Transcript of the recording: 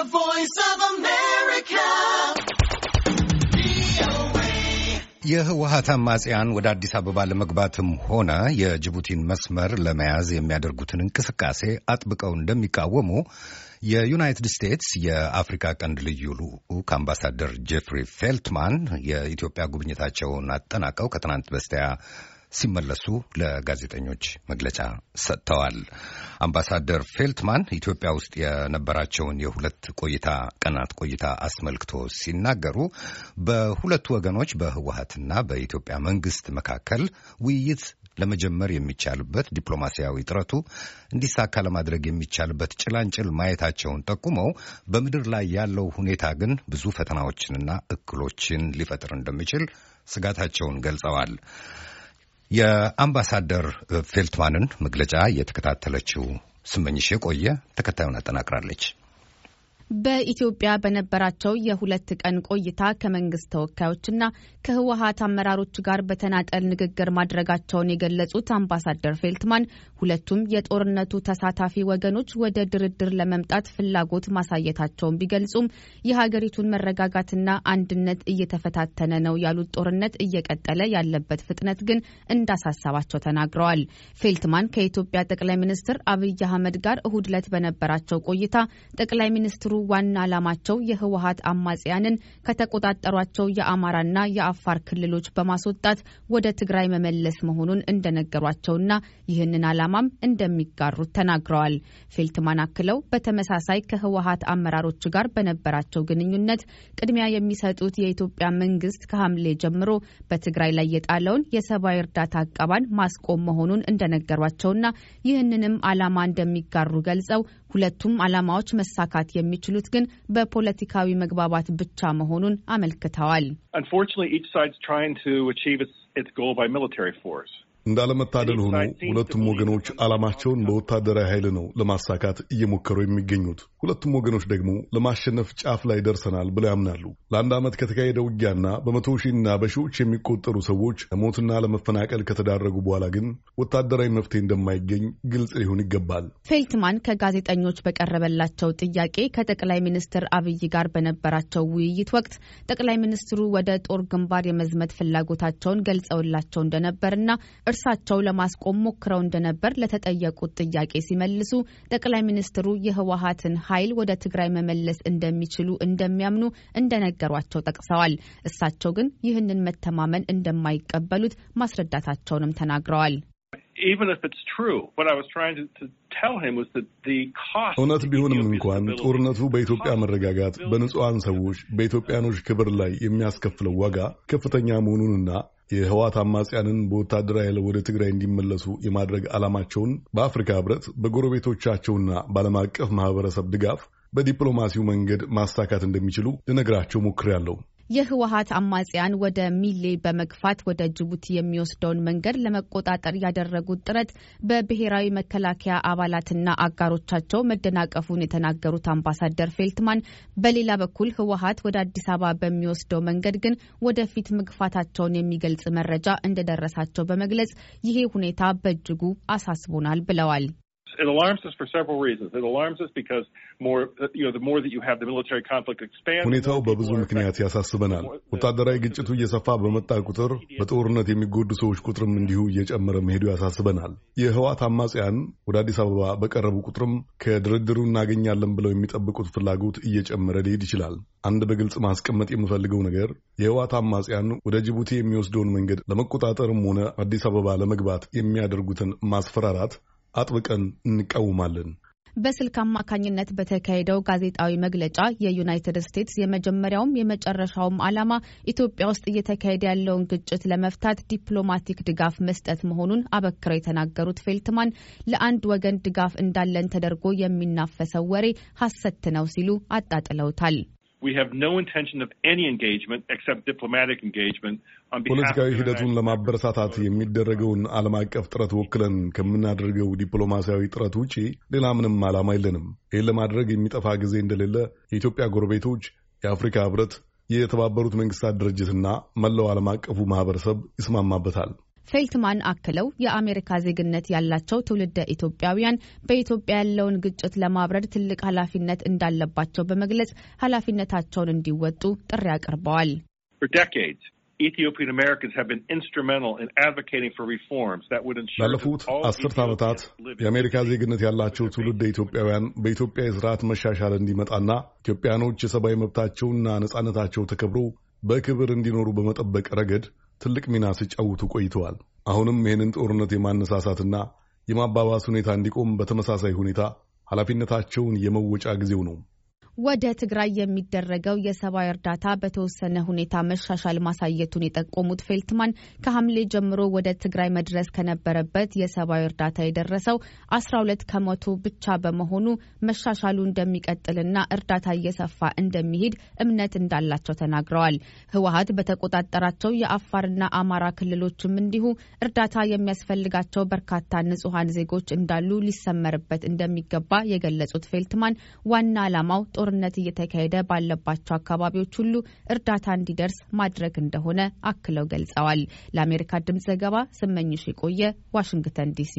The Voice of America. የህወሀት አማጽያን ወደ አዲስ አበባ ለመግባትም ሆነ የጅቡቲን መስመር ለመያዝ የሚያደርጉትን እንቅስቃሴ አጥብቀው እንደሚቃወሙ የዩናይትድ ስቴትስ የአፍሪካ ቀንድ ልዩ ልዑክ አምባሳደር ጄፍሪ ፌልትማን የኢትዮጵያ ጉብኝታቸውን አጠናቀው ከትናንት በስቲያ ሲመለሱ ለጋዜጠኞች መግለጫ ሰጥተዋል። አምባሳደር ፌልትማን ኢትዮጵያ ውስጥ የነበራቸውን የሁለት ቆይታ ቀናት ቆይታ አስመልክቶ ሲናገሩ በሁለቱ ወገኖች በህወሀትና በኢትዮጵያ መንግስት መካከል ውይይት ለመጀመር የሚቻልበት ዲፕሎማሲያዊ ጥረቱ እንዲሳካ ለማድረግ የሚቻልበት ጭላንጭል ማየታቸውን ጠቁመው በምድር ላይ ያለው ሁኔታ ግን ብዙ ፈተናዎችንና እክሎችን ሊፈጥር እንደሚችል ስጋታቸውን ገልጸዋል። የአምባሳደር ፌልትማንን መግለጫ የተከታተለችው ስመኝሽ የቆየ ተከታዩን አጠናቅራለች። በኢትዮጵያ በነበራቸው የሁለት ቀን ቆይታ ከመንግስት ተወካዮችና ከህወሀት አመራሮች ጋር በተናጠል ንግግር ማድረጋቸውን የገለጹት አምባሳደር ፌልትማን ሁለቱም የጦርነቱ ተሳታፊ ወገኖች ወደ ድርድር ለመምጣት ፍላጎት ማሳየታቸውን ቢገልጹም የሀገሪቱን መረጋጋትና አንድነት እየተፈታተነ ነው ያሉት ጦርነት እየቀጠለ ያለበት ፍጥነት ግን እንዳሳሰባቸው ተናግረዋል። ፌልትማን ከኢትዮጵያ ጠቅላይ ሚኒስትር አብይ አህመድ ጋር እሁድ ዕለት በነበራቸው ቆይታ ጠቅላይ ሚኒስትሩ ዋና ዓላማቸው የህወሀት አማጽያንን ከተቆጣጠሯቸው የአማራና የአፋር ክልሎች በማስወጣት ወደ ትግራይ መመለስ መሆኑን እንደነገሯቸውና ይህንን ዓላማም እንደሚጋሩት ተናግረዋል። ፌልትማን አክለው በተመሳሳይ ከህወሀት አመራሮች ጋር በነበራቸው ግንኙነት ቅድሚያ የሚሰጡት የኢትዮጵያ መንግስት ከሐምሌ ጀምሮ በትግራይ ላይ የጣለውን የሰብአዊ እርዳታ አቀባን ማስቆም መሆኑን እንደነገሯቸውና ይህንንም ዓላማ እንደሚጋሩ ገልጸው ሁለቱም ዓላማዎች መሳካት የሚችሉት ግን በፖለቲካዊ መግባባት ብቻ መሆኑን አመልክተዋል። እንዳለመታደል ሆኖ ሁለቱም ወገኖች ዓላማቸውን በወታደራዊ ኃይል ነው ለማሳካት እየሞከሩ የሚገኙት። ሁለቱም ወገኖች ደግሞ ለማሸነፍ ጫፍ ላይ ደርሰናል ብለው ያምናሉ። ለአንድ ዓመት ከተካሄደ ውጊያና በመቶ ሺህና በሺዎች የሚቆጠሩ ሰዎች ለሞትና ለመፈናቀል ከተዳረጉ በኋላ ግን ወታደራዊ መፍትሄ እንደማይገኝ ግልጽ ሊሆን ይገባል። ፌልትማን ከጋዜጠኞች በቀረበላቸው ጥያቄ ከጠቅላይ ሚኒስትር አብይ ጋር በነበራቸው ውይይት ወቅት ጠቅላይ ሚኒስትሩ ወደ ጦር ግንባር የመዝመት ፍላጎታቸውን ገልጸውላቸው እንደነበርና እርሳቸው ለማስቆም ሞክረው እንደነበር ለተጠየቁት ጥያቄ ሲመልሱ ጠቅላይ ሚኒስትሩ የህወሀትን ኃይል ወደ ትግራይ መመለስ እንደሚችሉ እንደሚያምኑ እንደነገሯቸው ጠቅሰዋል። እሳቸው ግን ይህንን መተማመን እንደማይቀበሉት ማስረዳታቸውንም ተናግረዋል። እውነት ቢሆንም እንኳን ጦርነቱ በኢትዮጵያ መረጋጋት፣ በንጹሐን ሰዎች፣ በኢትዮጵያኖች ክብር ላይ የሚያስከፍለው ዋጋ ከፍተኛ መሆኑንና የህዋት አማጽያንን በወታደራዊ ኃይል ወደ ትግራይ እንዲመለሱ የማድረግ ዓላማቸውን በአፍሪካ ህብረት በጎረቤቶቻቸውና በዓለም አቀፍ ማህበረሰብ ድጋፍ በዲፕሎማሲው መንገድ ማሳካት እንደሚችሉ ልነግራቸው ሞክሬያለሁ። የህወሀት አማጽያን ወደ ሚሌ በመግፋት ወደ ጅቡቲ የሚወስደውን መንገድ ለመቆጣጠር ያደረጉት ጥረት በብሔራዊ መከላከያ አባላትና አጋሮቻቸው መደናቀፉን የተናገሩት አምባሳደር ፌልትማን በሌላ በኩል ህወሀት ወደ አዲስ አበባ በሚወስደው መንገድ ግን ወደፊት መግፋታቸውን የሚገልጽ መረጃ እንደደረሳቸው በመግለጽ ይሄ ሁኔታ በእጅጉ አሳስቦናል ብለዋል። it alarms us for several reasons. It alarms us because more, you know, the more that you have the military conflict expand. ሁኔታው በብዙ ምክንያት ያሳስበናል። ወታደራዊ ግጭቱ እየሰፋ በመጣ ቁጥር በጦርነት የሚጎዱ ሰዎች ቁጥርም እንዲሁ እየጨመረ መሄዱ ያሳስበናል። የህዋት አማጽያን ወደ አዲስ አበባ በቀረቡ ቁጥርም ከድርድሩ እናገኛለን ብለው የሚጠብቁት ፍላጎት እየጨመረ ሊሄድ ይችላል። አንድ በግልጽ ማስቀመጥ የምፈልገው ነገር የህዋት አማጽያን ወደ ጅቡቲ የሚወስደውን መንገድ ለመቆጣጠርም ሆነ አዲስ አበባ ለመግባት የሚያደርጉትን ማስፈራራት አጥብቀን እንቃወማለን። በስልክ አማካኝነት በተካሄደው ጋዜጣዊ መግለጫ የዩናይትድ ስቴትስ የመጀመሪያውም የመጨረሻውም ዓላማ ኢትዮጵያ ውስጥ እየተካሄደ ያለውን ግጭት ለመፍታት ዲፕሎማቲክ ድጋፍ መስጠት መሆኑን አበክረው የተናገሩት ፌልትማን ለአንድ ወገን ድጋፍ እንዳለን ተደርጎ የሚናፈሰው ወሬ ሐሰት ነው ሲሉ አጣጥለውታል። We have no intention of any engagement except diplomatic engagement ፖለቲካዊ ሂደቱን ለማበረታታት የሚደረገውን ዓለም አቀፍ ጥረት ወክለን ከምናደርገው ዲፕሎማሲያዊ ጥረት ውጪ ሌላ ምንም ዓላማ የለንም። ይህን ለማድረግ የሚጠፋ ጊዜ እንደሌለ የኢትዮጵያ ጎረቤቶች፣ የአፍሪካ ህብረት፣ የተባበሩት መንግስታት ድርጅትና መላው ዓለም አቀፉ ማህበረሰብ ይስማማበታል። ፌልትማን አክለው የአሜሪካ ዜግነት ያላቸው ትውልደ ኢትዮጵያውያን በኢትዮጵያ ያለውን ግጭት ለማብረድ ትልቅ ኃላፊነት እንዳለባቸው በመግለጽ ኃላፊነታቸውን እንዲወጡ ጥሪ አቅርበዋል። ባለፉት አስርት ዓመታት የአሜሪካ ዜግነት ያላቸው ትውልድ ኢትዮጵያውያን በኢትዮጵያ የስርዓት መሻሻል እንዲመጣና ኢትዮጵያኖች የሰብአዊ መብታቸውና ነጻነታቸው ተከብሮ በክብር እንዲኖሩ በመጠበቅ ረገድ ትልቅ ሚና ሲጫወቱ ቆይተዋል። አሁንም ይህንን ጦርነት የማነሳሳትና የማባባስ ሁኔታ እንዲቆም በተመሳሳይ ሁኔታ ኃላፊነታቸውን የመወጫ ጊዜው ነው። ወደ ትግራይ የሚደረገው የሰብአዊ እርዳታ በተወሰነ ሁኔታ መሻሻል ማሳየቱን የጠቆሙት ፌልትማን ከሐምሌ ጀምሮ ወደ ትግራይ መድረስ ከነበረበት የሰብአዊ እርዳታ የደረሰው አስራ ሁለት ከመቶ ብቻ በመሆኑ መሻሻሉ እንደሚቀጥልና እርዳታ እየሰፋ እንደሚሄድ እምነት እንዳላቸው ተናግረዋል። ህወሀት በተቆጣጠራቸው የአፋርና አማራ ክልሎችም እንዲሁ እርዳታ የሚያስፈልጋቸው በርካታ ንጹሐን ዜጎች እንዳሉ ሊሰመርበት እንደሚገባ የገለጹት ፌልትማን ዋና ዓላማው ጦር ጦርነት እየተካሄደ ባለባቸው አካባቢዎች ሁሉ እርዳታ እንዲደርስ ማድረግ እንደሆነ አክለው ገልጸዋል። ለአሜሪካ ድምጽ ዘገባ ስመኝሽ የቆየ ዋሽንግተን ዲሲ